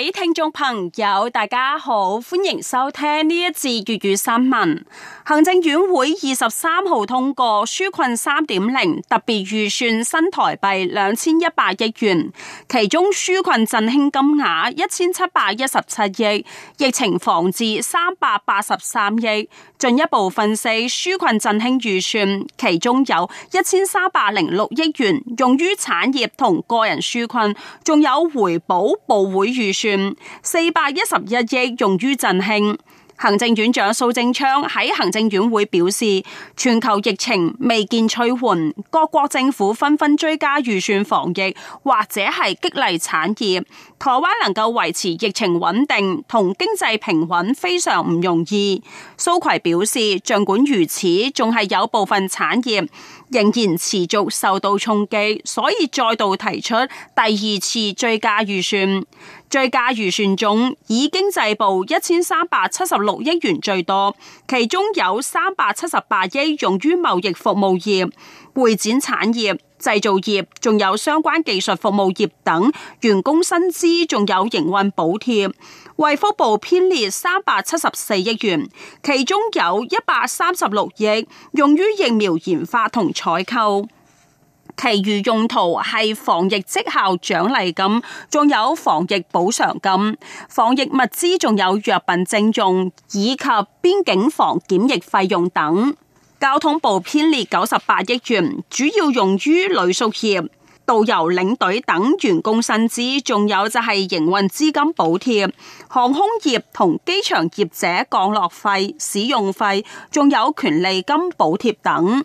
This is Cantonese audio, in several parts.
各位聽眾朋友，大家好，歡迎收聽呢一次粵語新聞。行政院會二十三號通過紓困三點零特別預算新台幣兩千一百億元，其中紓困振興金額一千七百一十七億，疫情防治三百八十三億，進一步分析紓困振興預算，其中有一千三百零六億元用於產業同個人紓困，仲有回補部會預算四百一十一億用於振興。行政院長蘇貞昌喺行政院會表示，全球疫情未見趨緩，各國政府紛紛追加預算防疫，或者係激勵產業。台灣能夠維持疫情穩定同經濟平穩非常唔容易。蘇揆表示，儘管如此，仲係有部分產業仍然持續受到衝擊，所以再度提出第二次追加預算。追加預算中以經濟部一千三百七十六億元最多，其中有三百七十八億用於貿易服務業、會展產業、製造業，仲有相關技術服務業等員工薪資，仲有營運補貼。衛福部編列三百七十四億元，其中有一百三十六億用於疫苗研發同採購。其餘用途係防疫績效獎勵金，仲有防疫補償金、防疫物資，仲有藥品徵用以及邊境防檢疫費用等。交通部編列九十八億元，主要用於旅宿業、導遊領隊等員工薪資，仲有就係營運資金補貼、航空業同機場業者降落費、使用費，仲有權利金補貼等。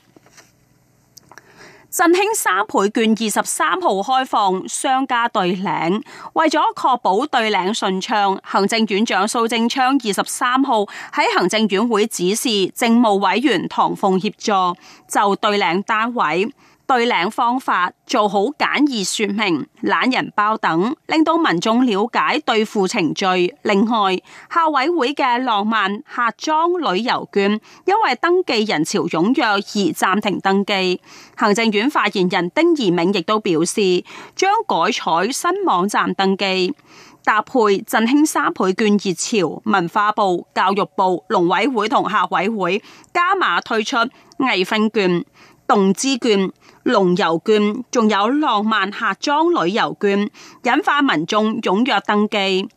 振興三倍券二十三號開放商家兌領。為咗確保兌領順暢，行政院長蘇貞昌二十三號喺行政院會指示政務委員唐鳳協助就兌領單位。對領方法做好簡易說明、懶人包等，令到民眾了解兌付程序。另外，校委會嘅浪漫客莊旅遊券因為登記人潮踴躍而暫停登記。行政院發言人丁怡銘亦都表示，將改採新網站登記，搭配振興三倍券熱潮。文化部、教育部、農委會同校委會加碼推出藝 fun 券。動滋券、農遊券，仲有浪漫客莊旅遊券，引發民眾踴躍登記。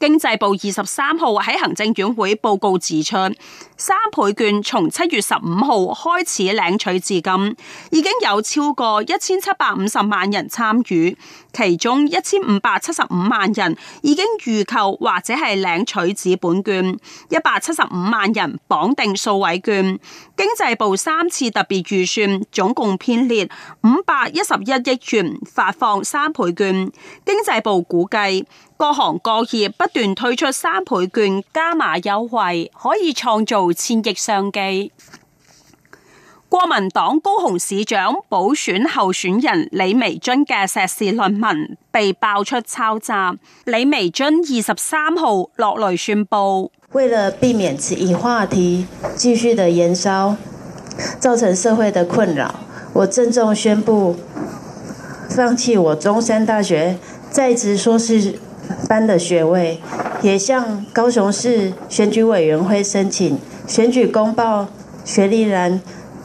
經濟部二十三號喺行政院會報告指出，三倍券從七月十五號開始領取至今，已經有超過一千七百五十萬人參與，其中一千五百七十五萬人已經預購或者係領取紙本券，一百七十五萬人綁定數位券。經濟部三次特別預算總共編列五百一十一億元發放三倍券，經濟部估計。各行各業不斷推出三倍券加碼優惠，可以創造千億商機。國民黨高雄市長補選候選人李眉蓁嘅碩士論文被爆出抄襲，李眉蓁二十三號落淚宣布，為了避免此一話題繼續的延燒，造成社會的困擾，我鄭重宣布放棄我中山大學在職碩士。再班的學位，也向高雄市選舉委員會申請選舉公報學歷欄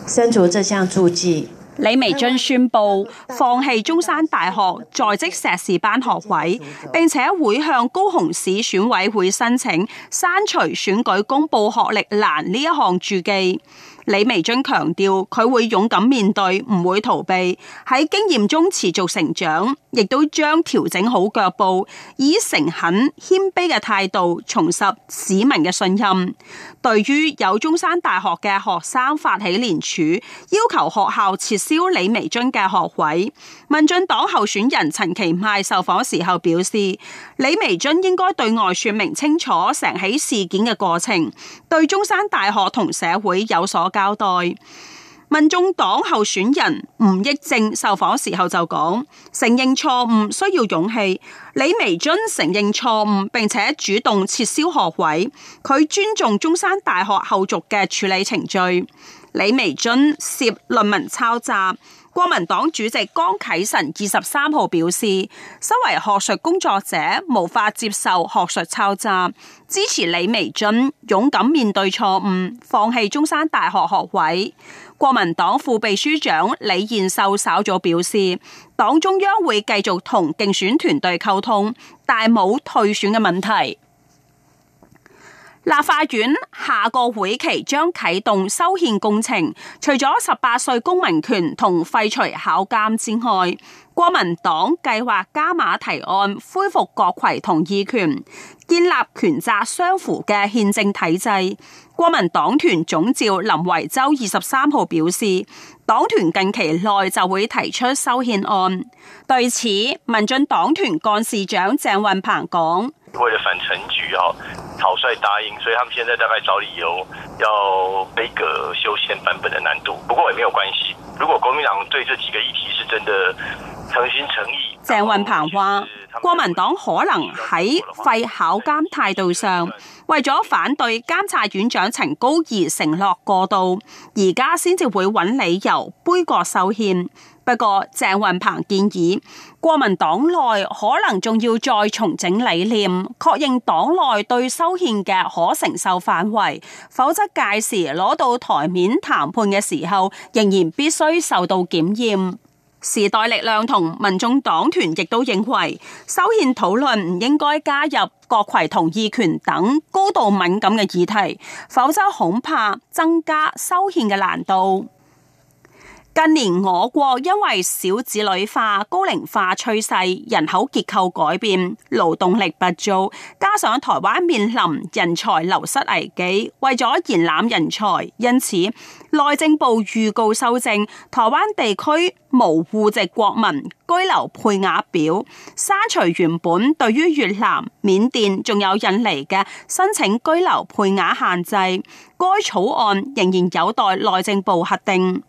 刪除這項註記。李眉蓁宣布放棄中山大學在職碩士班學位，並且會向高雄市選委會申請刪除選舉公布學歷欄呢一項註記。李眉蓁強調，佢會勇敢面對，唔會逃避，喺經驗中持續成長，亦都將調整好腳步，以誠懇謙卑嘅態度重拾市民嘅信任。對於有中山大學嘅學生發起連署，要求學校撤銷李眉蓁嘅學位，民進黨候選人陳其邁受訪時候表示，李眉蓁應該對外說明清楚成起事件嘅過程，對中山大學同社會有所。交代，民眾黨候選人吳益正受訪時候就講，承認錯誤需要勇氣。李眉蓁承認錯誤，並且主動撤銷學位，佢尊重中山大學後續嘅處理程序。李眉蓁涉論文抄襲。國民黨主席江啟臣二十三號表示，身為學術工作者，無法接受學術抄襲，支持李眉蓁勇敢面對錯誤，放棄中山大學學位。國民黨副秘書長李彥秀稍早表示，黨中央會繼續同競選團隊溝通，但冇退選嘅問題。立法院下個會期將啟動修憲工程，除咗十八歲公民權同廢除考監之外，國民黨計劃加碼提案恢復閣揆同意權，建立權責相符嘅憲政體制。國民黨團總召林維洲二十三號表示，黨團近期內就會提出修憲案。對此，民進黨團幹事長鄭運鵬講，草率答應，所以他們現在大概找理由要俾個修憲版本嘅難度。不過也沒有關係，如果國民黨對這幾個議題是真的誠心誠意，鄭運鵬話，國民黨可能喺廢考監態度上，為咗反對監察院長陳高而承諾過度，而家先至會揾理由杯葛修憲。不過鄭運鵬，建議，國民黨內可能仲要再重整理念，確認黨內對修憲嘅可承受範圍，否則屆時攞到台面談判嘅時候，仍然必須受到檢驗。時代力量同民眾黨團亦都認為，修憲討論唔應該加入閣揆同意權等高度敏感嘅議題，否則恐怕增加修憲嘅難度。近年，我國因為少子女化、高齡化趨勢，人口結構改變，勞動力不足，加上台灣面臨人才流失危機，為咗延攬人才，因此內政部預告修正台灣地區無戶籍國民居留配額表，刪除原本對於越南、緬甸仲有印尼嘅申請居留配額限制。該草案仍然有待內政部核定。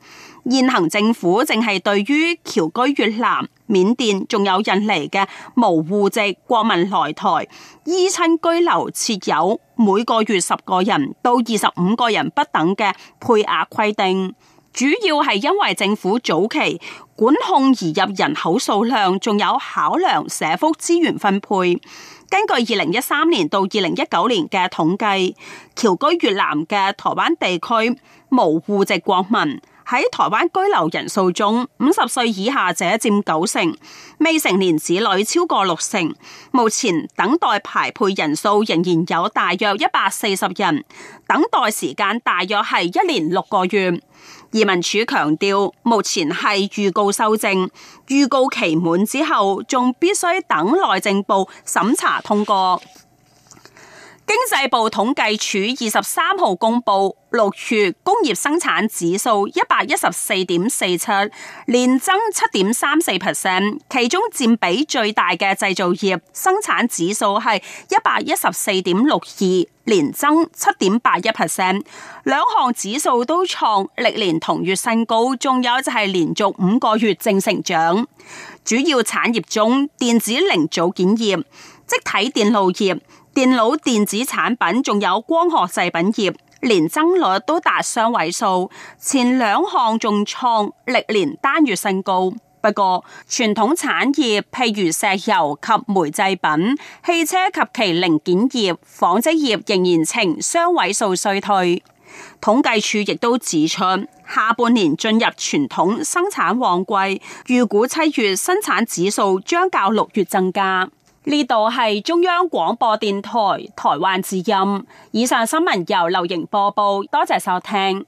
現行政府淨係對於僑居越南、緬甸，仲有印尼嘅無戶籍國民來台，依親居留設有每個月十個人到二十五個人不等嘅配額規定。主要係因為政府早期管控移入人口數量，仲有考量社福資源分配。根據二零一三年到二零一九年嘅統計，僑居越南嘅台灣地區無戶籍國民。喺台灣居留人數中，五十歲以下者占九成，未成年子女超過六成。目前等待排配人數仍然有大約一百四十人，等待時間大約係一年六個月。移民署強調，目前係預告修正，預告期滿之後仲必須等內政部審查通過。經濟部統計處二十三號公布六月工業生產指數，一百一十四點四七，年增七點三四 percent，其中占比最大嘅製造業生產指數係一百一十四點六二，年增七點八一 percent，兩項指數都創歷年同月新高，仲有就係連續五個月正成長。主要產業中，電子零組件業。積體電路業、電腦電子產品仲有光學製品業，年增率都達雙位數，前兩項仲創歷年單月新高。不過，傳統產業譬如石油及煤製品、汽車及其零件業、紡織業仍然呈雙位數衰退。統計處亦都指出，下半年進入傳統生產旺季，預估七月生產指數將較六月增加。呢度係中央廣播電台台灣之音，以上新聞由劉瑩播報，多謝收聽。